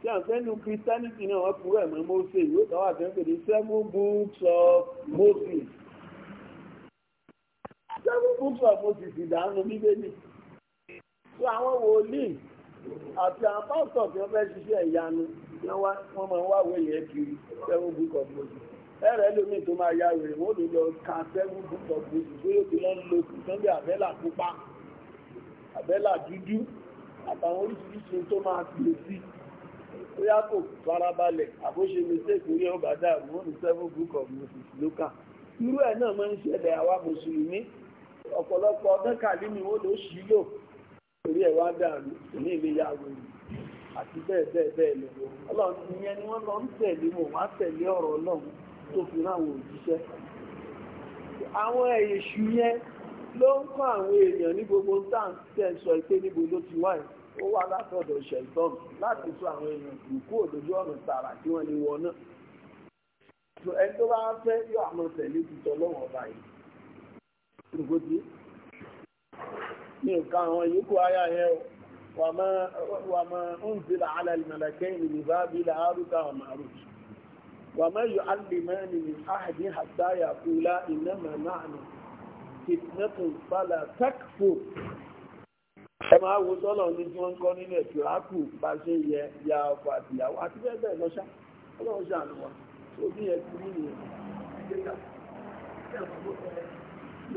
tí a fẹ́ nu Christianity náà wọ́n purọ́ ẹ̀ mọ́ ìwé kan wà seven books of Moses seven books of Moses ìdánù bíbélì tó àwọn wòlíì àti àwọn pásítọ̀ tí wọ́n fẹ́ ṣiṣẹ́ ìyanu wọ́n máa ń wá wẹ̀ yẹn kiri seven books of Moses ẹ̀rẹ̀ lómi tó máa ya rèé wọ́n lè lọ ka seven books of Moses tó yóò fi lọ́n lo sunday abẹ́là pupa abẹ́là dúdú àtàwọn oríṣiríṣi tó máa lè sí ó yá kò farabalẹ̀ àbóṣe mistake orí ọ̀bàdà wọ́n ní seven books of Moses ló kà irú ẹ̀ náà máa ń ṣẹlẹ̀ àwa mùsùlùmí ọ̀pọ̀lọpọ̀ ọdún kàlí ni wọ́n lò sí lò torí ẹ̀ wá dàrú ní ilé ya wòlíì àti bẹ́ẹ̀ bẹ́ẹ̀ bẹ́ẹ̀ lọ ọlọ́run ìyẹn ni wọ́n lọ ń tẹ̀lé wọn wá tẹ̀lé ọ̀rọ̀ ọlọ́run tó fi ráwọn òjíṣẹ́ àwọn ẹ̀yẹ̀ ṣù yẹn ló ń kọ́ àwọn èèyàn ní gbogbo táǹtẹ̀ sọ pé níbo ló ti wáyé ó wá látọ̀dọ̀ ṣẹ̀tọ́n láti tún àwọn èèyàn kù kú òdodo ọ̀nà tààrà kí wọ́n lè wọ náà ẹni tó bá fẹ́ yóò àmọ́ tẹ̀lé ti tọ́lọ́wọ́ báyìí rògbòdì ní nǹkan àwọn yòókù ayá yẹn o wà máa ń zìlà alẹ́ mẹlẹ́kẹ́ ìlú bá bí ilẹ̀ arúgbó àwọn màrú wà máa yọ alìmẹ́ni ní àhàdí àtàyà kúlá ìnáma náà nù kìtìnẹ́tò fàlà tẹ́kfò ẹ máa wo sọ́lọ̀ ní tí wọ́n kọ́ nínú ẹ̀tọ́ àkù bá ṣe yẹ ya ọkọ àtìyàwó àti bẹ́ẹ̀ bẹ́ẹ̀ lọ́ṣà ọlọ́run ṣàánú tó bí ẹ ti rí nìyẹn ní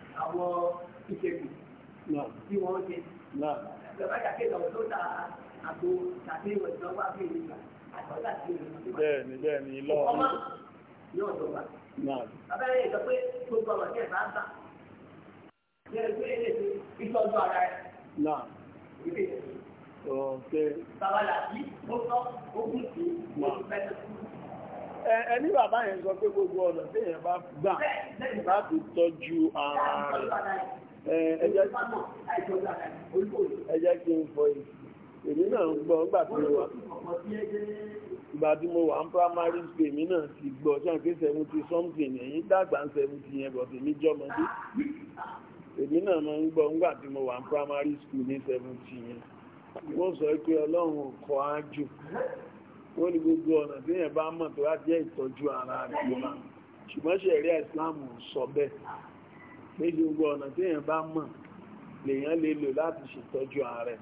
àwọn ìṣègùn tí wọ́n ṣe. ìjọba ìdàkejì ọ̀rọ̀ tó ta àgbo tàbí ìwọ̀ ìjọba bí ìrìnà àtọ́jà sí ìrìnà. bẹ́ẹ̀ni bẹ́ẹ̀ni lọ. ọmọ yóò dọ̀gba. bàbá yẹn sọ pé gbogbo ọ̀rọ̀ díẹ̀ máa ń bà. yẹ́n pé ilé ìtọ́jú ara rẹ̀. ok. bàbá làbí ó sọ ó kún sí ìfẹ́ tó kú ẹni bàbá yẹn sọ pé gbogbo ọ̀nà tí èèyàn bá gbà láti tọ́jú ara rẹ̀ ẹ jẹ́ kí n fọ èyí èmi náà ń gbọ́ nígbà tí wà ìgbà mo wà ń primary school èmi náà ti gbọ́ ṣáà pé seventy something ẹ̀yìn dàgbà ń seventy yẹn bọ̀ tèmi jọmọdé èmi náà máa ń gbọ́ nígbà tí mo wà ń primary school ní seventy yẹn wọ́n sọ pé ọlọ́run kọ́ á jù ó ní gbogbo ọ̀nà tí yẹn bá mọ̀ tó láti jẹ́ ìtọ́jú ara rẹ̀ ló máa ṣùgbọ́n ṣẹ̀ríà ìsìláàmù sọ bẹ́ẹ̀ méjì gbogbo ọ̀nà tí yẹn bá mọ̀ lèyàn lè lò láti ṣètọ́jú ààrẹ.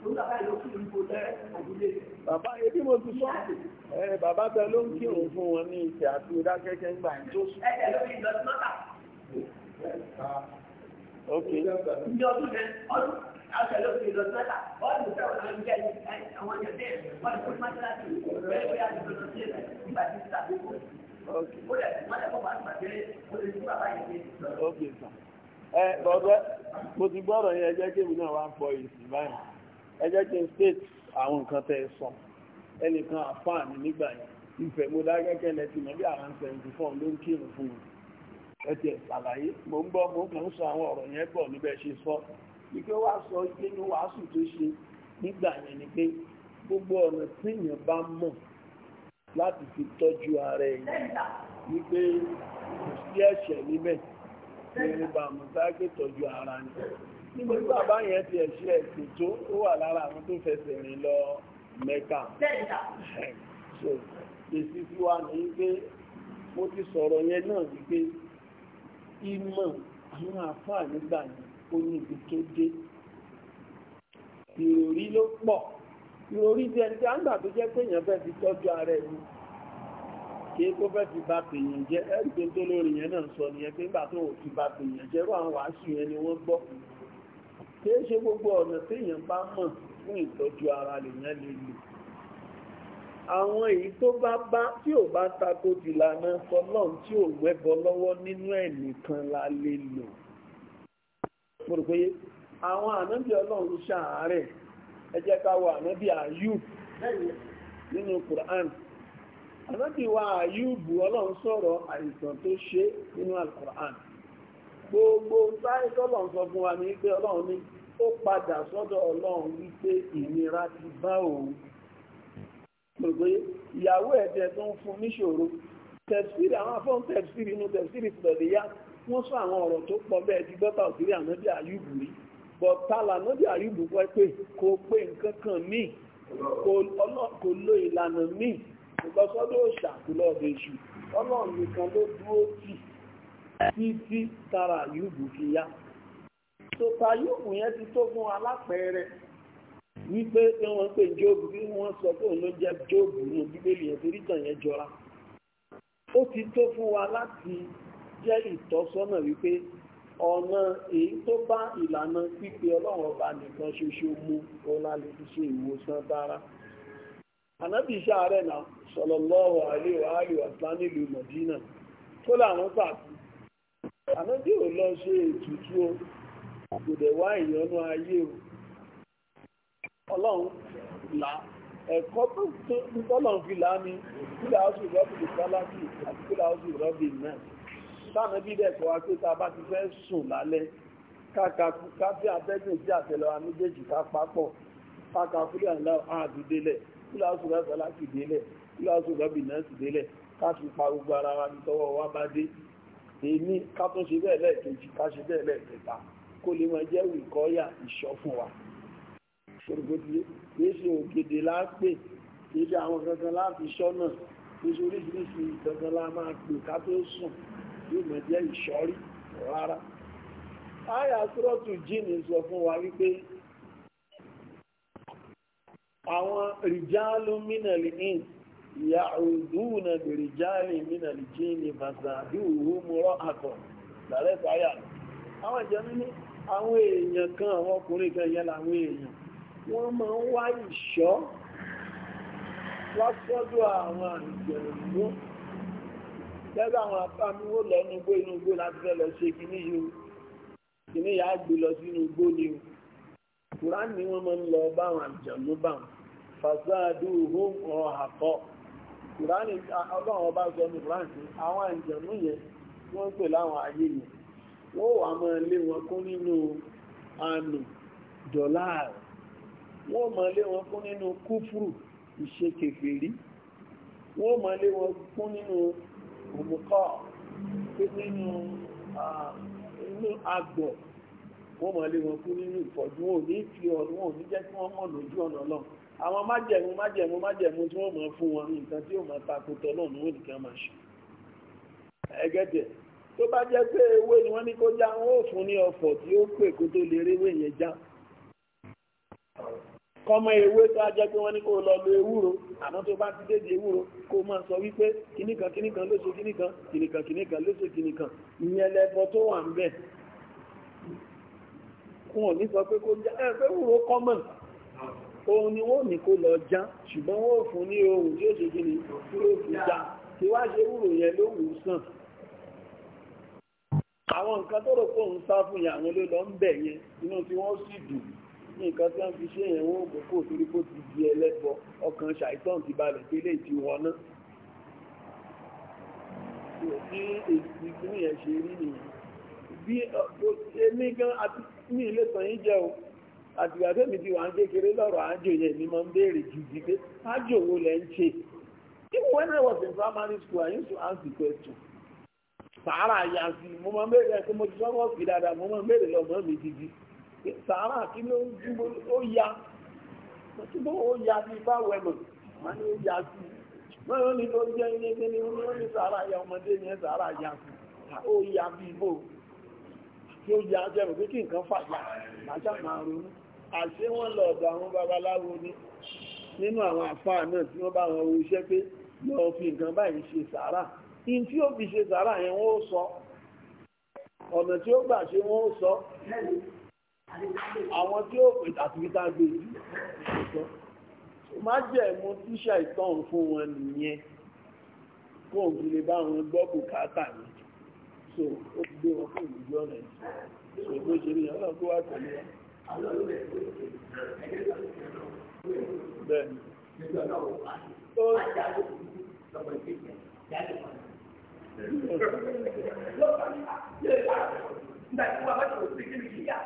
Bàbá ebí mo ti sọ, ẹ bàbá tẹ ló Ok. ọdún haka lokaci da sata wani mutum wani an gani a wani ne wani kuma matsala ce wani kuma ya zuba da ce da ba ji sa ko ko da wani ko ba ba ce ko da ji ba ba ne okay sir ẹ eh, bọ̀dọ̀ mo ti gbọ́dọ̀ yẹn ẹ jẹ́ kí èmi náà wá ń pọ ìsìn báyìí ẹ jẹ́ kí n state àwọn nǹkan tẹ́ ẹ sọ ẹnìkan àfáàní nígbà yẹn ìfẹ́ mo dákẹ́kẹ́ lẹ ti mọ̀ bí àwọn seventy four ló ń kírun fún mi ẹ ti ẹ̀ ṣàlàyé mo ń gbọ́ mo ń sọ àwọn ọ̀rọ̀ yẹn bọ̀ níbẹ̀ ṣe sọ wípé wá sọ wípé ní wàásù tó ṣe nígbà yẹn ni pé gbogbo ọ̀nà tíyàn bá mọ̀ láti fi tọ́jú ara ẹ̀yìn wípé kò sí ẹ̀ṣẹ̀ níbẹ̀ ní bá mọ̀ sáàgbé tọ́jú ara ni nígbà tí bàbá yẹn ti ẹ̀ṣẹ̀ ẹ̀sìn tó ó wà lára àwọn tó fẹsẹ̀ rìn lọ mẹ́ka so èsì fi wá ní pé mo ti sọ̀rọ̀ yẹn náà wípé ìmọ̀ àwọn àfáà nígbà yẹn ó ní ibi tó dé ìròrí ló pọ̀ ìròrí jẹ́ ní àgbà tó jẹ́ pé èèyàn fẹ́ fi tọ́jú ara ẹni kí é tó fẹ́ fi bà tèèyàn jẹ́ ẹgbẹ́ tó lórí yẹn náà sọ nìyẹn pé nígbà tó fi bà tèèyàn jẹ́ rú àwọn wàásù yẹn ni wọ́n gbọ́ kí é ṣe gbogbo ọ̀nà téèyàn bá mọ̀ fún ìtọ́jú ara lèèyàn lè lò àwọn èyí tó bá bá tí ò bá tako tìlànà sọlọ́n tí ò wẹ́bọ lọ́wọ́ nínú ẹ̀ nìkan la lè lò mo rò pé àwọn ànábì ọlọ́run ṣàárẹ̀ ẹ jẹ́ ká wo ànábì Ayub nínú Quran ànábì wa Ayub ọlọ́run sọ̀rọ̀ àìsàn tó ṣe nínú al-Quran gbogbo sáré tọ́lọ̀ sọ fún wa ní pé ọlọ́run ní ó padà sọ́dọ̀ ọlọ́run wípé ìnira ti bá òun gbogbo ìyàwó ẹ̀jẹ̀ tó ń fún níṣòro tẹ̀síìrì àwọn afọ́n tẹ̀síìrì inú tẹ̀síìrì pẹ̀lú yá wọ́n sọ àwọn ọ̀rọ̀ tó pọ̀ bẹ́ẹ̀ ti gbọ́ta òkèrè ànábì àyùbù rí bọ̀ tààlà ànábì àyùbù wọ́n pé kò pé nǹkan kan míì kò lo ìlànà míì kò sọ́dọ̀ òòṣà kò lọ ọlọ́run nìkan ló dúró tì títí tara àyùbù fi yá bí wọ́n sọ pé òun ló jẹ́ jóòbù bíbélì yẹn jọra ó ti tó fún wa láti jẹ́ ìtọ́sọ́nà wípé ọ̀nà èyí tó bá ìlànà pípe ọlọ́run ọba nìkan ṣoṣo mu òun la lè fi ṣe ìwòsàn dára. ànábì iṣẹ́ ààrẹ náà sallallahu alaihi wa alihi wasallam nílùú Mọ̀dínà tó làwọn pàtó. ànábì ò lọ ṣe ètùtù o kò dẹ̀ wá ìyọnu ayé o. ọlọ́run là ẹ̀kọ́ tó ń tọ́lọ̀ fi là á ní kúlà ọ̀sùn rọ́bì nìkan láti àti kúlà ọ̀sùn rọ́bì náà sáàmì bí dẹ̀kọ́ wa pé ta bá ti fẹ́ sùn lálẹ́ kákàkú káfí àtẹ́gùn sí àtẹ̀lẹ́ wa méjèèjì ká papọ̀ kákàkú lè ńlá àti délẹ̀ kíláàsù rẹ̀fẹ̀ láti délẹ̀ kíláàsù rẹ̀bì náà sì délẹ̀ káfí pa gbogbo ara wa ní wa bá dé èmi ká tó ṣe bẹ́ẹ̀ lẹ́ẹ̀kejì ká ṣe bẹ́ẹ̀ lẹ́ẹ̀kẹta kó lè máa yóò mọ̀ jẹ́ ìṣọ́rí rárá. Àyà jini Jíìnì sọ fún wa wípé àwọn rìjálù mínàlì ìn ìyá òdúnà bèrìjálì mínàlì jíìnì fàṣàdù òhùmúrọ̀ àkọ́ lálẹ́ sáyà. Àwọn ìjọba ní àwọn èèyàn kan àwọn ọkùnrin kan yẹn èèyàn wọ́n ma ń wá lẹ́rọ àwọn apá mi ó lọ inú igbó inú igbó láti fẹ́ lọ ṣe kìíní yìí o kìíní yà á gbé lọ sínú igbó ni o kùránì ni wọ́n máa ń lọ báwọn àjọ̀nú báwọn fasadu hum ọ̀hàkọ́ kùránì ọlọ́run ọba sọ ní kùránì àwọn àjọ̀nú yẹn wọ́n ń pè láwọn ayé yẹn wọ́n wà máa lé wọn kún nínú àánú dọ̀láàrù wọ́n máa lé wọn kún nínú kúfùrù ìṣe kèfèrí wọ́n máa lé wọn kún nínú òmùkọ́ nínú inú agbọ̀ wọ́n mọ̀ lè wọn kú nínú ìfọ̀jú wọn ò ní fi ọ̀rọ̀ wọn ò ní jẹ́ kí wọ́n mọ̀ lójú ọ̀nà náà àwọn májẹ̀mú májẹ̀mú májẹ̀mú tí wọ́n wọn mọ̀ náà ni wọ́n nìkan máa ṣe ẹgẹ́dẹ̀ tó bá pé ni wọ́n ní kó já wọn ò fún ní tí ó pè kó tó lè rí kọmọ ewé tó ajẹ́ pé wọ́n ní kó lọ lo ewúro àmọ́ tó bá ti dédé ewúro kó máa sọ wípé kìnìkan kìnìkan ló ṣe kìnìkan kìnìkan kìnìkan ló ṣe kìnìkan ìyẹn lẹ́bọ tó wà ń bẹ̀ kún ò ní sọ pé kó já ẹ̀ pé wúro kọ́mọ̀ òun ni wọ́n ní kó lọ já ṣùgbọ́n wọ́n fún ní ohun tí ó ṣe kí ni tí ó fi já tí wá ṣe wúro yẹn ló wù ú sàn àwọn nǹkan tó rò pé òun sá fún ìyàwó ló lọ ń bẹ̀ yẹn inú tí wọ́n sì dùn nǹkan tí wọ́n fi ṣe yẹn wọ́n mú kó torí kó ti di ẹlẹ́bọ ọkàn ṣàìtàn ti balẹ̀ pé lè ti wọn ná. bí èsì kìíní yẹn ṣe rí nìyẹn bí èmi gan àti ní ilé tàn yín jẹ́ o àtìgbà tẹ́mi ti wà ń kékeré lọ́rọ̀ àjò yẹn ni mo ń béèrè gidi pé àjò wo lẹ ń ṣe. Even when I was in primary school, I used to ask the question sàárà yà sí mo máa ń béèrè ẹ̀ pé mo ti sọ́wọ́ sí dáadáa mo máa ń béèrè lọ́mọ mi gidi sàárà kí ló ń dúró ó ya ṣùgbọ́n ó ya bí báwọ̀ ẹ̀mọ̀ máa ní ó ya sí wọ́n yóò ní tó jẹ́ ilé ní ní wọ́n ní sàárà ya ọmọdé ní sàárà ya sí ó ya bí bò tí ó ya jẹ́ pé kí nǹkan fàyà àṣà máa ronú àṣé wọ́n lọ ọ̀dọ̀ àwọn babaláwo ni nínú àwọn àfáà náà tí wọ́n bá wọn wo iṣẹ́ pé lọ fi nǹkan báyìí ṣe sàárà in tí ó fi ṣe sàárà yẹn wọ́n ó sọ ọ̀nà tí ó gbà ṣe wọ́n ó sọ àwọn tí ó pè àtúntà gbé ìjọ má jẹ̀mú tíṣà ìtàn fún wọn nìyẹn kó n fi lè bá wọn gbọ́ bùkátà ní so ó ti gbé wọn fún ìlú ọ̀nà ìṣẹ́ so bó ṣe rí ọ̀nà tó wà pẹ̀lú wa. bẹ́ẹ̀ni ó Lọ́pàá ní àjẹ́ ìgbà nígbà tí wọ́n ti kí ni kí yá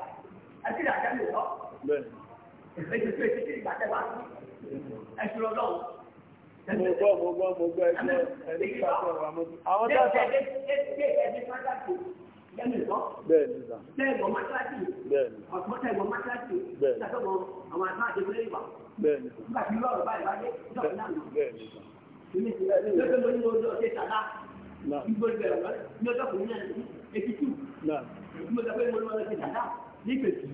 àti ìdájọ́ lè lọ. èyí ọlọ́run. Mo gbọ́ mo gbọ́ mo gbọ́ ẹgbẹ́ ẹni pàṣẹ wà mo Àwọn tó sọ. Bẹ́ẹ̀ni sà. Bẹ́ẹ̀ni mọ́tíláṣì. Bẹ́ẹ̀ni. Ọ̀tọ́tẹ̀gbọ̀n mọ́tíláṣì. Bẹ́ẹ̀ni. Ìtàkọ́gbọ̀n àwọn àtúnṣe àjẹsílẹ̀ ìwà. Bẹ́ẹ̀ni sà. Nígbà tí lọ́ọ̀rọ̀ báyìí wáyé, ìjọba náà lọ. Bẹ́ẹ̀ni sà. Ilé ìgbésẹ̀ lórí ojú ọ̀sẹ̀ ìtàlá. Ìgbésẹ̀ lọ́ọ̀rọ̀ ní ọjọ́ kò ní nígbèsì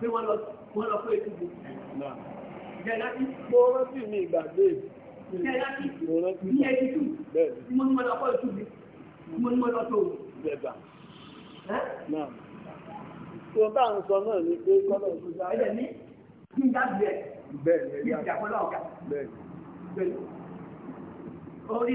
pé wọ́n lọ fún ètò ìgbò. Gẹ̀láti mo rántí mi ìgbàgbé. Gẹ̀láti ní ẹni tù. Bẹ́ẹ̀ni. Mo ní mo lọ fún ètò ìgbò. ní mo lọ tó. Bẹ̀bà. Náà. bá ń ni pé kọ́lọ̀ ìgbòsà. Ẹ̀jẹ̀ ní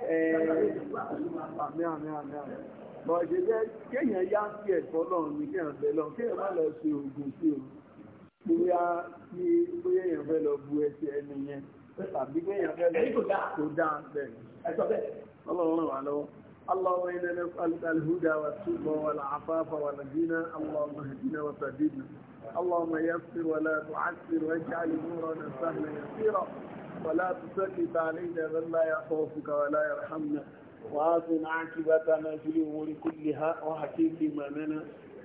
ee kéèyàn yá sí ẹ̀kọ́ lọ́run ní kéèyàn fẹ́ lọ, kéèyàn نسألك الهدى والتوبة والعفاف والغنى اللهم اهدنا وسددنا اللهم ولا تسلط علينا من لا يخافك ولا يرحمنا وآثن عاقبتنا في الأمور كلها وحكيم إيماننا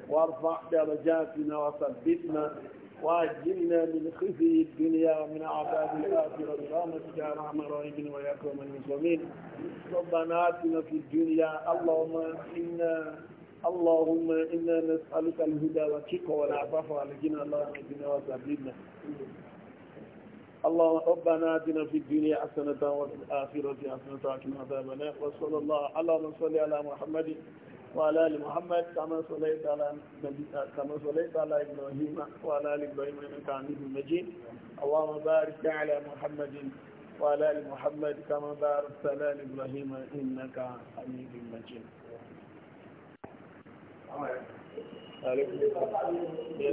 وارفع درجاتنا وثبتنا وأجلنا من خزي الدنيا ومن عذاب الآخرة برحمتك يا أرحم الراحمين ويا أكرم المسلمين ربنا آتنا في الدنيا اللهم إنا اللهم إنا نسألك الهدى والتقى والعفاف والجنة اللهم اهدنا وثبتنا اللهم ربنا اتنا في الدنيا حسنة وفي الآخرة حسنة وقنا عذاب النار وصلى الله اللهم صل على محمد وعلى آل محمد كما صليت على كما صليت على إبراهيم وعلى آل إبراهيم إنك حميد مجيد اللهم بارك على محمد وعلى آل محمد كما باركت على إبراهيم إنك حميد مجيد. عليكم السلام